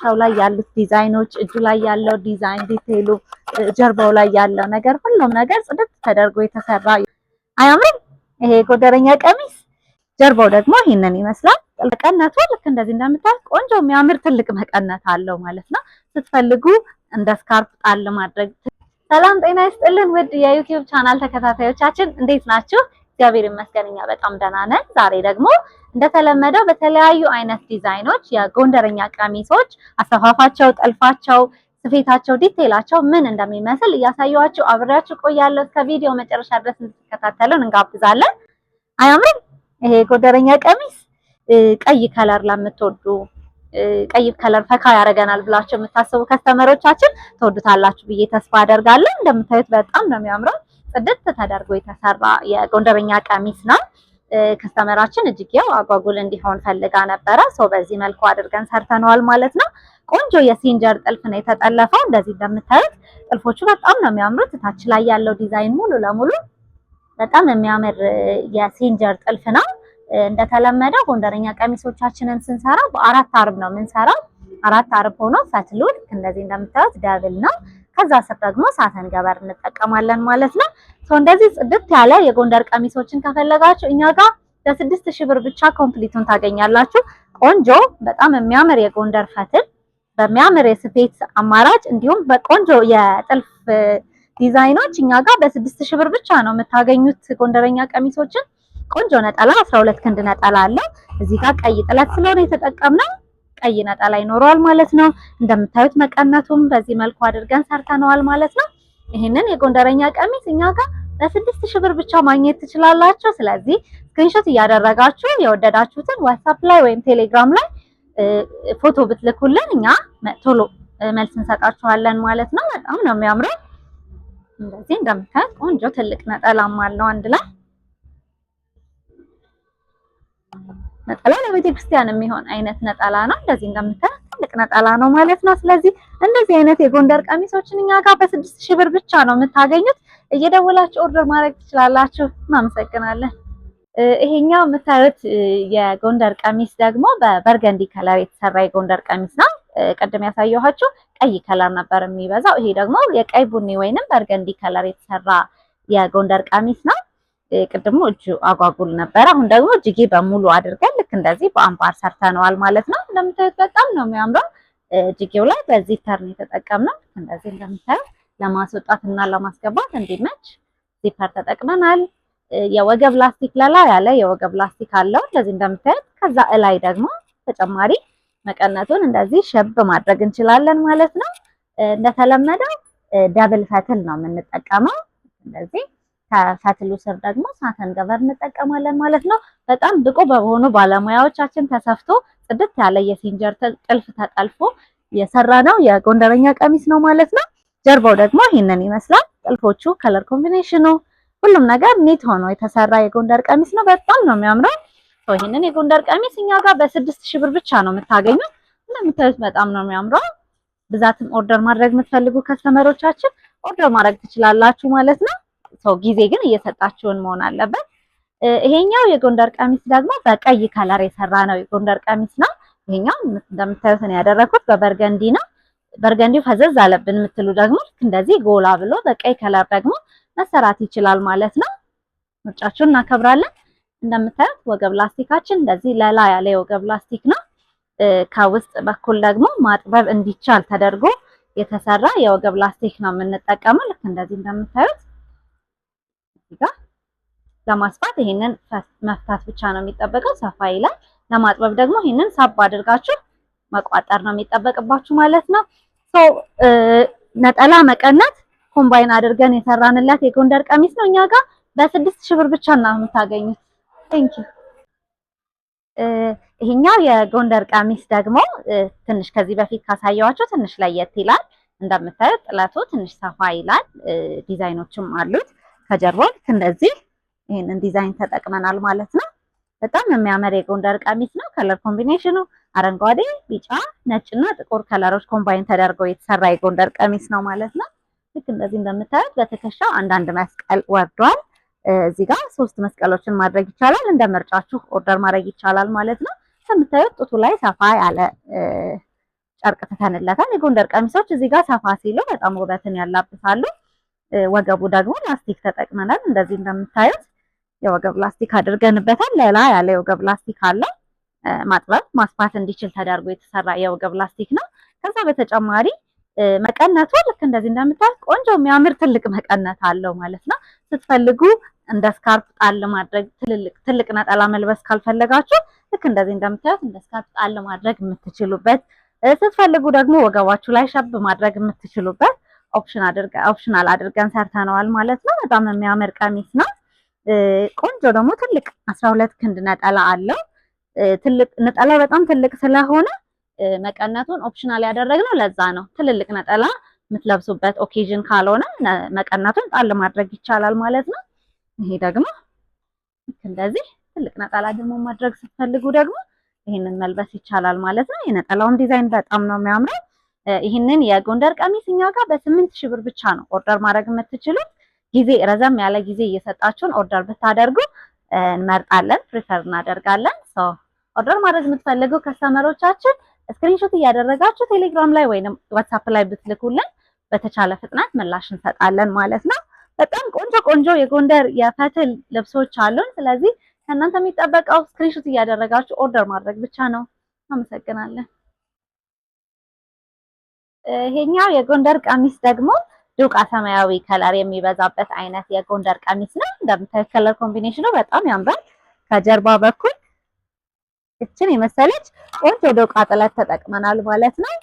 ትከሻው ላይ ያሉት ዲዛይኖች፣ እጁ ላይ ያለው ዲዛይን ዲቴይሉ፣ ጀርባው ላይ ያለው ነገር ሁሉም ነገር ጽድት ተደርጎ የተሰራ አያምርም? ይሄ ጎደረኛ ቀሚስ ጀርባው ደግሞ ይሄንን ይመስላል። መቀነቱ ልክ እንደዚህ እንደምታዩት ቆንጆ የሚያምር ትልቅ መቀነት አለው ማለት ነው። ስትፈልጉ እንደ ስካርፕ ጣል ማድረግ። ሰላም ጤና ይስጥልን ውድ የዩቲዩብ ቻናል ተከታታዮቻችን እንዴት ናችሁ? እግዚአብሔር ይመስገን እኛ በጣም ደህና ነን። ዛሬ ደግሞ እንደተለመደው በተለያዩ አይነት ዲዛይኖች የጎንደረኛ ቀሚሶች አሰፋፋቸው፣ ጥልፋቸው፣ ስፌታቸው፣ ዲቴይላቸው ምን እንደሚመስል እያሳየኋችሁ አብሬያችሁ ቆያለሁ። እስከ ቪዲዮ መጨረሻ ድረስ እንድትከታተሉን እንጋብዛለን። አያምርም? ይሄ ጎንደረኛ ቀሚስ ቀይ ከለር ለምትወዱ ቀይ ከለር ፈካ ያደርገናል ብላችሁ የምታስቡ ከስተመሮቻችን ትወዱታላችሁ ብዬ ተስፋ አደርጋለን። እንደምታዩት በጣም ነው የሚያምረው። ጽድት ተደርጎ የተሰራ የጎንደረኛ ቀሚስ ነው። ከስተመራችን እጅግ ያው አጓጉል እንዲሆን ፈልጋ ነበረ። ሰው በዚህ መልኩ አድርገን ሰርተነዋል ማለት ነው። ቆንጆ የሲንጀር ጥልፍ ነው የተጠለፈው። እንደዚህ እንደምታዩት ጥልፎቹ በጣም ነው የሚያምሩት። ታች ላይ ያለው ዲዛይን ሙሉ ለሙሉ በጣም የሚያምር የሲንጀር ጥልፍ ነው። እንደተለመደው ጎንደረኛ ቀሚሶቻችንን ስንሰራ በአራት አርብ ነው የምንሰራው። አራት አርብ ሆኖ ፈትሉ ልክ እንደዚህ እንደምታዩት ደብል ነው። ከዛ ስር ደግሞ ሳተን ገበር እንጠቀማለን ማለት ነው። ሰው እንደዚህ ጽድት ያለ የጎንደር ቀሚሶችን ከፈለጋችሁ እኛ ጋር ለስድስት ሺህ ብር ብቻ ኮምፕሊቱን ታገኛላችሁ። ቆንጆ በጣም የሚያምር የጎንደር ፈትል በሚያምር የስፌት አማራጭ እንዲሁም በቆንጆ የጥልፍ ዲዛይኖች እኛ ጋር በስድስት ሺህ ብር ብቻ ነው የምታገኙት ጎንደረኛ ቀሚሶችን። ቆንጆ ነጠላ 12 ክንድ ነጠላ አለ። እዚህ ጋር ቀይ ጥለት ስለሆነ የተጠቀምነው ቀይ ነጠላ ይኖረዋል ማለት ነው። እንደምታዩት መቀነቱም በዚህ መልኩ አድርገን ሰርተነዋል ማለት ነው። ይህንን የጎንደረኛ ቀሚስ እኛ ጋር በስድስት ሺህ ብር ብቻ ማግኘት ትችላላችሁ። ስለዚህ ስክሪንሾት እያደረጋችሁ የወደዳችሁትን ዋትሳፕ ላይ ወይም ቴሌግራም ላይ ፎቶ ብትልኩልን እኛ ቶሎ መልስ እንሰጣችኋለን ማለት ነው። በጣም ነው የሚያምረው። እንደዚህ እንደምታዩት ቆንጆ ትልቅ ነጠላም አለው አንድ ላይ ነጠላ ክርስቲያን የሚሆን አይነት ነጠላ ነው። እንደዚህ እንደምታዩት ትልቅ ነጠላ ነው ማለት ነው። ስለዚህ እንደዚህ አይነት የጎንደር ቀሚሶችን እኛ ጋር በስድስት ሺህ ብር ብቻ ነው የምታገኙት። እየደወላችሁ ኦርደር ማድረግ ትችላላችሁ። እናመሰግናለን። ይሄኛው የምታዩት የጎንደር ቀሚስ ደግሞ በበርገንዲ ከለር የተሰራ የጎንደር ቀሚስ ነው። ቅድም ያሳየኋችሁ ቀይ ከለር ነበር የሚበዛው። ይሄ ደግሞ የቀይ ቡኒ ወይንም በርገንዲ ከለር የተሰራ የጎንደር ቀሚስ ነው። ቅድሞ እጁ አጓጉል ነበረ። አሁን ደግሞ እጅጌ በሙሉ አድርገን ልክ እንደዚህ በአምባር ሰርተነዋል ማለት ነው። እንደምታዩት በጣም ነው የሚያምረው። እጅጌው ላይ በዚህ ተርን የተጠቀምነው ልክ እንደዚህ እንደምታዩ ለማስወጣት እና ለማስገባት እንዲመች ዚፐር ተጠቅመናል። የወገብ ላስቲክ ለላ ያለ የወገብ ላስቲክ አለው እንደዚህ እንደምታዩት። ከዛ እላይ ደግሞ ተጨማሪ መቀነቱን እንደዚህ ሸብ ማድረግ እንችላለን ማለት ነው። እንደተለመደው ደብል ፈትል ነው የምንጠቀመው እንደዚህ ከፈትሉ ስር ደግሞ ሳተን ገበር እንጠቀማለን ማለት ነው። በጣም ብቁ በሆኑ ባለሙያዎቻችን ተሰፍቶ ጽድት ያለ የሲንጀር ጥልፍ ተጠልፎ የሰራ ነው የጎንደረኛ ቀሚስ ነው ማለት ነው። ጀርባው ደግሞ ይህንን ይመስላል። ጥልፎቹ፣ ከለር ኮምቢኔሽኑ፣ ሁሉም ነገር ኒት ሆኖ የተሰራ የጎንደር ቀሚስ ነው። በጣም ነው የሚያምረው። ይህንን የጎንደር ቀሚስ እኛ ጋር በስድስት ሺህ ብር ብቻ ነው የምታገኙት። እንደምታዩት በጣም ነው የሚያምረው። ብዛትም ኦርደር ማድረግ የምትፈልጉ ከስተመሮቻችን ኦርደር ማድረግ ትችላላችሁ ማለት ነው። ሰው ጊዜ ግን እየሰጣችሁን መሆን አለበት። ይሄኛው የጎንደር ቀሚስ ደግሞ በቀይ ከለር የሰራ ነው። የጎንደር ቀሚስ ነው ይሄኛው እንደምታዩት ነው ያደረኩት በበርገንዲ ነው። በርገንዲው ፈዘዝ አለብን የምትሉ ደግሞ ልክ እንደዚህ ጎላ ብሎ በቀይ ከለር ደግሞ መሰራት ይችላል ማለት ነው። ምርጫችሁን እናከብራለን። እንደምታዩት ወገብ ላስቲካችን እንደዚህ ለላ ያለ የወገብ ላስቲክ ነው። ከውስጥ በኩል ደግሞ ማጥበብ እንዲቻል ተደርጎ የተሰራ የወገብ ላስቲክ ነው የምንጠቀመው ልክ እንደዚህ እንደምታዩት እዚህ ጋር ለማስፋት ይሄንን መፍታት ብቻ ነው የሚጠበቀው። ሰፋ ይላል። ለማጥበብ ደግሞ ይሄንን ሳብ አድርጋችሁ መቋጠር ነው የሚጠበቅባችሁ ማለት ነው። ነጠላ መቀነት ኮምባይን አድርገን የሰራንለት የጎንደር ቀሚስ ነው። እኛ ጋር በስድስት ሺህ ብር ብቻ ነው የምታገኙት። ቴንክ ዩ። ይሄኛው የጎንደር ቀሚስ ደግሞ ትንሽ ከዚህ በፊት ካሳየዋቸው ትንሽ ለየት ይላል። እንደምታዩት ጥለቱ ትንሽ ሰፋ ይላል። ዲዛይኖችም አሉት። ከጀርባው ልክ እንደዚህ ይህንን ዲዛይን ተጠቅመናል ማለት ነው። በጣም የሚያምር የጎንደር ቀሚስ ነው። ከለር ኮምቢኔሽኑ አረንጓዴ፣ ቢጫ፣ ነጭና ጥቁር ከለሮች ኮምባይን ተደርገው የተሰራ የጎንደር ቀሚስ ነው ማለት ነው። ልክ እንደዚህ እንደምታዩት በትከሻው አንዳንድ መስቀል ወርዷል። እዚህ ጋር ሶስት መስቀሎችን ማድረግ ይቻላል። እንደ ምርጫችሁ ኦርደር ማድረግ ይቻላል ማለት ነው። ከምታዩት ጡቱ ላይ ሰፋ ያለ ጨርቅ ትተንለታል። የጎንደር ቀሚሶች እዚህ ጋር ሰፋ ሲሉ በጣም ውበትን ያላብሳሉ። ወገቡ ደግሞ ላስቲክ ተጠቅመናል። እንደዚህ እንደምታዩት የወገብ ላስቲክ አድርገንበታል። ሌላ ያለ የወገብ ላስቲክ አለ። ማጥበብ ማስፋት እንዲችል ተደርጎ የተሰራ የወገብ ላስቲክ ነው። ከዛ በተጨማሪ መቀነቱ ልክ እንደዚህ እንደምታዩት ቆንጆ የሚያምር ትልቅ መቀነት አለው ማለት ነው። ስትፈልጉ እንደ ስካርፕ ጣል ማድረግ ትልቅ ነጠላ መልበስ ካልፈለጋችሁ ልክ እንደዚህ እንደምታዩት እንደ ስካርፕ ጣል ማድረግ የምትችሉበት፣ ስትፈልጉ ደግሞ ወገባችሁ ላይ ሸብ ማድረግ የምትችሉበት ኦፕሽናል አድርገን ሰርተነዋል ማለት ነው። በጣም የሚያምር ቀሚስ ነው። ቆንጆ ደግሞ ትልቅ አስራ ሁለት ክንድ ነጠላ አለው። ትልቅ ነጠላ በጣም ትልቅ ስለሆነ መቀነቱን ኦፕሽናል ያደረግነው ለዛ ነው። ትልልቅ ነጠላ የምትለብሱበት ኦኬዥን ካልሆነ መቀነቱን ጣል ማድረግ ይቻላል ማለት ነው። ይሄ ደግሞ እንደዚህ ትልቅ ነጠላ ደግሞ ማድረግ ስትፈልጉ ደግሞ ይሄንን መልበስ ይቻላል ማለት ነው። የነጠላውም ዲዛይን በጣም ነው የሚያምረው። ይህንን የጎንደር ቀሚስ እኛ ጋር በስምንት ሺህ ብር ብቻ ነው ኦርደር ማድረግ የምትችሉት። ጊዜ ረዘም ያለ ጊዜ እየሰጣችሁን ኦርደር ብታደርጉ እንመርጣለን፣ ፕሪፈር እናደርጋለን። ኦርደር ማድረግ የምትፈልጉ ከስተመሮቻችን ስክሪንሾት እያደረጋችሁ ቴሌግራም ላይ ወይም ዋትሳፕ ላይ ብትልኩልን በተቻለ ፍጥነት ምላሽ እንሰጣለን ማለት ነው። በጣም ቆንጆ ቆንጆ የጎንደር የፈትል ልብሶች አሉን። ስለዚህ ከእናንተ የሚጠበቀው ስክሪንሾት እያደረጋችሁ ኦርደር ማድረግ ብቻ ነው። አመሰግናለን። ይሄኛው የጎንደር ቀሚስ ደግሞ ዶቃ ሰማያዊ ከለር የሚበዛበት አይነት የጎንደር ቀሚስ ነው። እንደምታዩት ከለር ኮምቢኔሽኑ በጣም ያምራል። ከጀርባ በኩል እችን የመሰለች ቆንጆ ዶቃ ጥለት ተጠቅመናል ማለት ነው።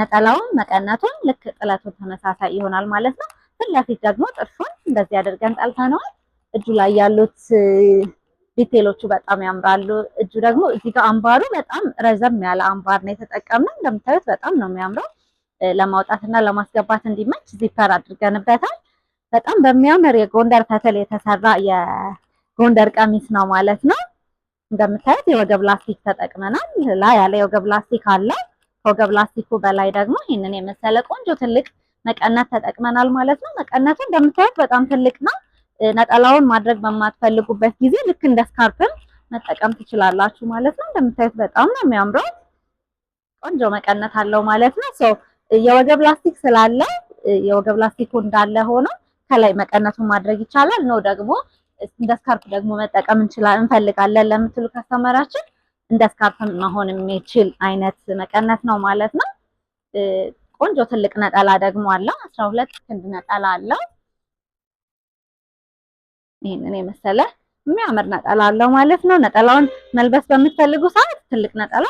ነጠላውን መቀነቱን ልክ ጥለቱ ተመሳሳይ ይሆናል ማለት ነው። ፊት ለፊት ደግሞ ጥርሱን እንደዚህ አድርገን ጠልተነዋል። እጁ ላይ ያሉት ዲቴሎቹ በጣም ያምራሉ። እጁ ደግሞ እዚህ ጋር አምባሩ በጣም ረዘም ያለ አምባር ነው የተጠቀምነው። እንደምታዩት በጣም ነው የሚያምረው። ለማውጣትና ለማስገባት እንዲመች ዚፐር አድርገንበታል። በጣም በሚያምር የጎንደር ፈትል የተሰራ የጎንደር ቀሚስ ነው ማለት ነው። እንደምታዩት የወገብ ላስቲክ ተጠቅመናል። ላ ያለ የወገብ ላስቲክ አለ። ከወገብ ላስቲኩ በላይ ደግሞ ይህንን የመሰለ ቆንጆ ትልቅ መቀነት ተጠቅመናል ማለት ነው። መቀነቱ እንደምታዩት በጣም ትልቅ ነው። ነጠላውን ማድረግ በማትፈልጉበት ጊዜ ልክ እንደ ስካርፕም መጠቀም ትችላላችሁ ማለት ነው። እንደምታዩት በጣም ነው የሚያምረው። ቆንጆ መቀነት አለው ማለት ነው። ሶ የወገብ ላስቲክ ስላለ የወገብ ላስቲኩ እንዳለ ሆኖ ከላይ መቀነቱን ማድረግ ይቻላል። ነው ደግሞ እንደ ስካርፕ ደግሞ መጠቀም እንችላለን እንፈልጋለን ለምትሉ ከስተመራችን እንደ ስካርፕ መሆን የሚችል አይነት መቀነት ነው ማለት ነው። ቆንጆ ትልቅ ነጠላ ደግሞ አለው። አስራ ሁለት ክንድ ነጠላ አለው። ይህንን የመሰለ የሚያምር ነጠላ አለው ማለት ነው። ነጠላውን መልበስ በምትፈልጉ ሰዓት ትልቅ ነጠላ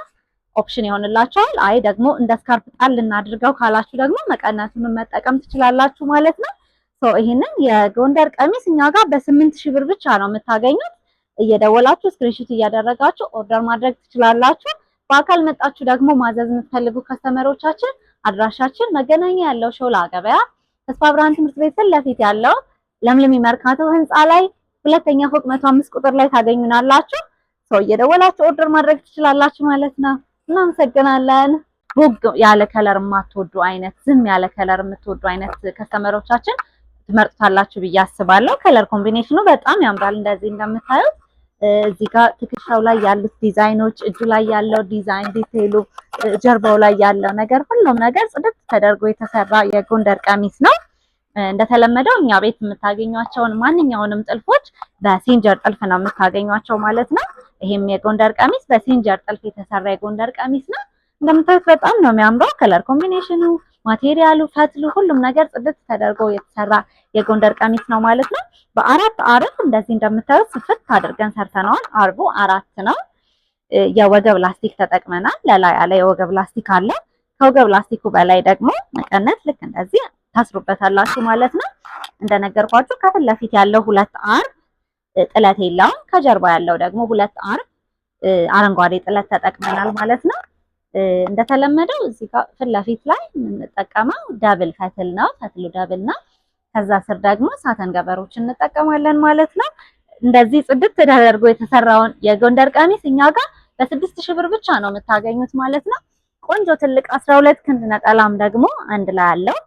ኦፕሽን ይሆንላችኋል። አይ ደግሞ እንደ ስካርፕ ጣል ልናድርገው ካላችሁ ደግሞ መቀነቱንም መጠቀም ትችላላችሁ ማለት ነው። ይህንን የጎንደር ቀሚስ እኛ ጋር በስምንት ሺህ ብር ብቻ ነው የምታገኙት። እየደወላችሁ ስክሪንሽት እያደረጋችሁ ኦርደር ማድረግ ትችላላችሁ። በአካል መጣችሁ ደግሞ ማዘዝ የምትፈልጉ ከስተመሮቻችን አድራሻችን መገናኛ ያለው ሾላ ገበያ ተስፋ ብርሃን ትምህርት ቤት ፊት ለፊት ያለው ለምለም መርካቶ ህንፃ ላይ ሁለተኛ ፎቅ መቶ አምስት ቁጥር ላይ ታገኙናላችሁ። ሰው እየደወላችሁ ኦርደር ማድረግ ትችላላችሁ ማለት ነው። እናመሰግናለን። ቦግ ያለ ከለር የማትወዱ አይነት ዝም ያለ ከለር የምትወዱ አይነት ከስተመሮቻችን ትመርጡታላችሁ ብዬ አስባለሁ። ከለር ኮምቢኔሽኑ በጣም ያምራል። እንደዚህ እንደምታዩት እዚህ ጋር ትከሻው ላይ ያሉት ዲዛይኖች፣ እጁ ላይ ያለው ዲዛይን ዲቴይሉ፣ ጀርባው ላይ ያለው ነገር ሁሉም ነገር ጽድት ተደርጎ የተሰራ የጎንደር ቀሚስ ነው። እንደተለመደው እኛ ቤት የምታገኟቸውን ማንኛውንም ጥልፎች በሲንጀር ጥልፍ ነው የምታገኟቸው ማለት ነው። ይሄም የጎንደር ቀሚስ በሲንጀር ጥልፍ የተሰራ የጎንደር ቀሚስ ነው። እንደምታዩት በጣም ነው የሚያምረው። ከለር ኮምቢኔሽኑ፣ ማቴሪያሉ፣ ፈትሉ፣ ሁሉም ነገር ጽድት ተደርጎ የተሰራ የጎንደር ቀሚስ ነው ማለት ነው። በአራት አርብ እንደዚህ እንደምታዩት ስፍት አድርገን ሰርተነዋል። አርቡ አራት ነው። የወገብ ላስቲክ ተጠቅመናል። ለላይ ያለ የወገብ ላስቲክ አለ። ከወገብ ላስቲኩ በላይ ደግሞ መቀነት ልክ እንደዚህ ታስሩበታላችሁ ማለት ነው። እንደነገርኳችሁ ከፊት ለፊት ያለው ሁለት አርብ ጥለት የለውም። ከጀርባ ያለው ደግሞ ሁለት አርብ አረንጓዴ ጥለት ተጠቅመናል ማለት ነው። እንደተለመደው እዚህ ጋር ፊት ለፊት ላይ የምንጠቀመው ዳብል ፈትል ነው። ፈትሉ ዳብል ነው። ከዛ ስር ደግሞ ሳተን ገበሮች እንጠቀማለን ማለት ነው። እንደዚህ ጽድት ተደርጎ የተሰራውን የጎንደር ቀሚስ እኛ ጋር በስድስት ሺህ ብር ብቻ ነው የምታገኙት ማለት ነው። ቆንጆ ትልቅ አስራ ሁለት ክንድ ነጠላም ደግሞ አንድ ላይ አለው።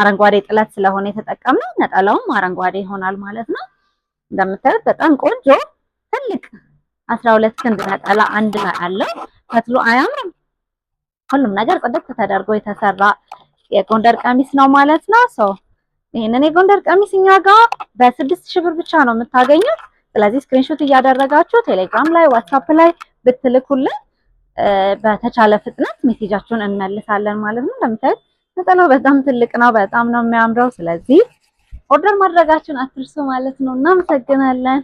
አረንጓዴ ጥለት ስለሆነ የተጠቀምነው ነጠላውም አረንጓዴ ይሆናል ማለት ነው። እንደምታዩት በጣም ቆንጆ ትልቅ አስራ ሁለት ክንድ ነጠላ አንድ ላይ አለው። ፈትሉ አያምርም? ሁሉም ነገር ጽድት ተደርጎ የተሰራ የጎንደር ቀሚስ ነው ማለት ነው። ሶ ይሄንን የጎንደር ቀሚስ እኛ ጋር በስድስት ሺህ ብር ብቻ ነው የምታገኙት። ስለዚህ ስክሪንሾት እያደረጋችሁ ቴሌግራም ላይ ዋትሳፕ ላይ ብትልኩልን በተቻለ ፍጥነት ሜሴጃችሁን እንመልሳለን ማለት ነው። እንደምታዩት ነጠላው በጣም ትልቅ ነው። በጣም ነው የሚያምረው። ስለዚህ ኦርደር ማድረጋችሁን አትርሱ ማለት ነው። እናመሰግናለን።